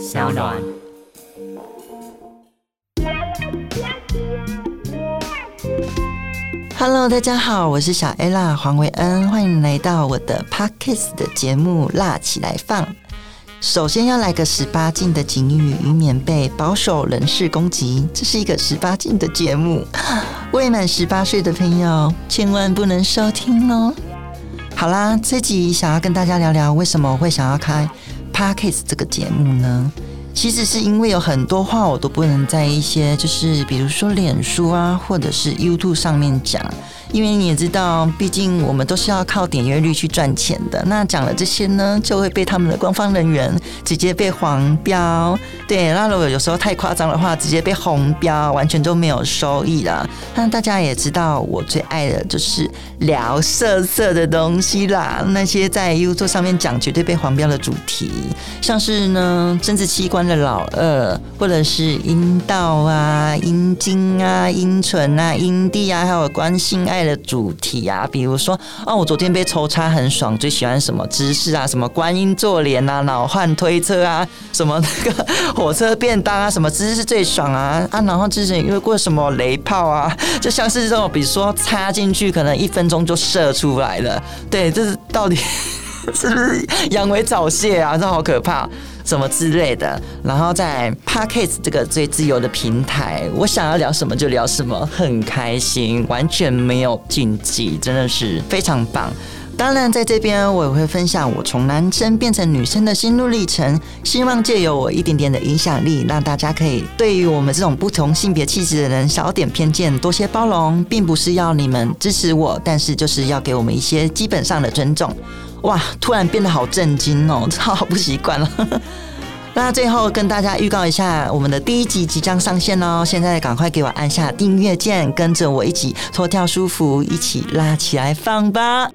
SoundOn Hello，大家好，我是小 A 辣黃維恩，歡迎來到我的 Podcast 的節目《辣起來放》。首先要來個十八禁的警語，以免被保守人士攻擊。這是一個十八禁的節目，未滿十八歲的朋友千萬不能收聽哦。好啦，這集想要跟大家聊聊，為什麼我會想要開 Podcast 這個節目呢，其實是因為有很多話我都不能在一些，就是比如說臉書啊，或者是 YouTube 上面講。因為你也知道，畢竟我們都是要靠點閱率去賺錢的。那講了這些呢，就會被他們的官方人員直接被黃標，對，那如果有時候太誇張的話，直接被紅標，完全都沒有收益啦。那大家也知道，我最愛的就是聊色色的東西啦，那些在 YouTube 上面講絕對被黃標的主題，像是呢，生殖器官的老二，或者是陰道啊、陰莖啊、陰莖啊、陰唇啊、陰蒂啊，還有關心愛的主題啊，比如說啊、哦，我昨天被抽插很爽，最喜歡什麼姿勢啊？什麼觀音坐蓮啊，老漢推車啊，什麼那個火車便當啊，什麼姿勢最爽啊？啊，然後之前約過什麼雷炮啊？就像是這種，比如說插進去，可能一分鐘就射出來了。對，這是到底 是不是陽痿早洩啊？這好可怕。什麼之類的，然後在 Podcast 這個最自由的平台，我想要聊什麼就聊什麼，很開心，完全沒有禁忌，真的是非常棒。當然，在這邊我也會分享我從男生變成女生的心路歷程，希望借由我一點點的影響力，讓大家可以對於我們這種不同性別氣質的人少點偏見，多些包容。並不是要你們支持我，但是就是要給我們一些基本上的尊重。哇！突然變得好震驚哦，真好不習慣了。 那最後跟大家預告一下，我們的第一集即將上線哦。現在趕快給我按下訂閱鍵，跟着我一起脫掉舒服，一起拉起來放吧。